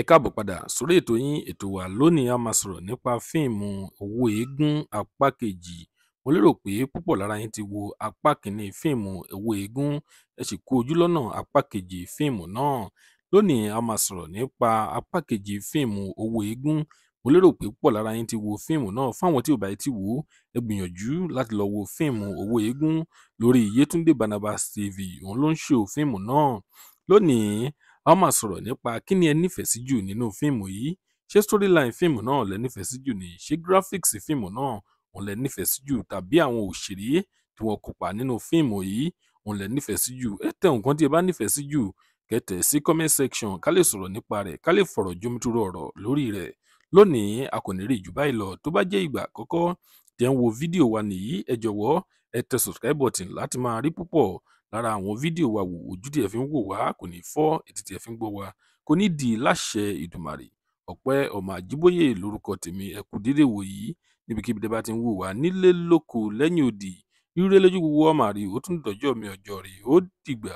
ẹ káàbọ̀ padà sórí ètò yín ètò wa lónìí a máa sọ̀rọ̀ nípa fíìmù owó eégún apá kejì mo lérò pé púpọ̀ lára yín ti wo apá kìíní fíìmù owó eégún ẹ sì kú ojú lọ́nà apá kejì fíìmù náà lónìí a máa sọ̀rọ̀ nípa apá kejì fíìmù owó eégún mo lérò pé púpọ̀ lára yín ti wo fíìmù náà fáwọn tí ò bá yìí ti wò ó ẹ gbìyànjú láti lọ wo fíìmù owó eégún lórí Yétúndé Barnabas TV òun ló ń ṣe fíìmù náà lónìí a ó máa sọ̀rọ̀ nípa kí ni ẹ nífẹ̀ẹ́ sí jù nínú fíìmù yìí ṣé storyline fíìmù náà lẹ nífẹ̀ẹ́ sí jù ni ṣé graphics fíìmù náà òun lẹ nífẹ̀ẹ́ sí jù tàbí àwọn òṣèré tí wọ́n kópa nínú fíìmù yìí òun lẹ nífẹ̀ẹ́ sí jù ẹ tẹ nǹkan tí ẹ bá nífẹ̀ẹ́ sí jù kẹtẹ sí comment section ká lè sọ̀rọ̀ nípa rẹ̀ ká lè fọ̀rọ̀ jomitoro ọ̀rọ̀ lórí rẹ̀ lónìí a kò ní rí jù báyìí lọ tó bá jẹ́ ìgbà àkọ́kọ́ tẹ́ ń wo fídíò wa nìyí ẹ jọ̀wọ́ ẹ tẹ subscribe button láti máa rí púpọ̀ lára àwọn fídíò wa wò ojú tí ẹ fi ń wò wá kò ní fọ́ etí tí ẹ fi ń gbọ́ wá kò ní di láṣẹ ìdùmàrè ọpẹ́ ọmọ àjíbóyè lórúkọ tèmi ẹ kú dédé wò yìí níbikíbi tẹ́ bá ti ń wò wá nílé lóko lẹ́yìn odi ire lójú gbogbo ọmọ àrí ó tún dọjọ́ mi ọjọ́ rí ó dìgbà.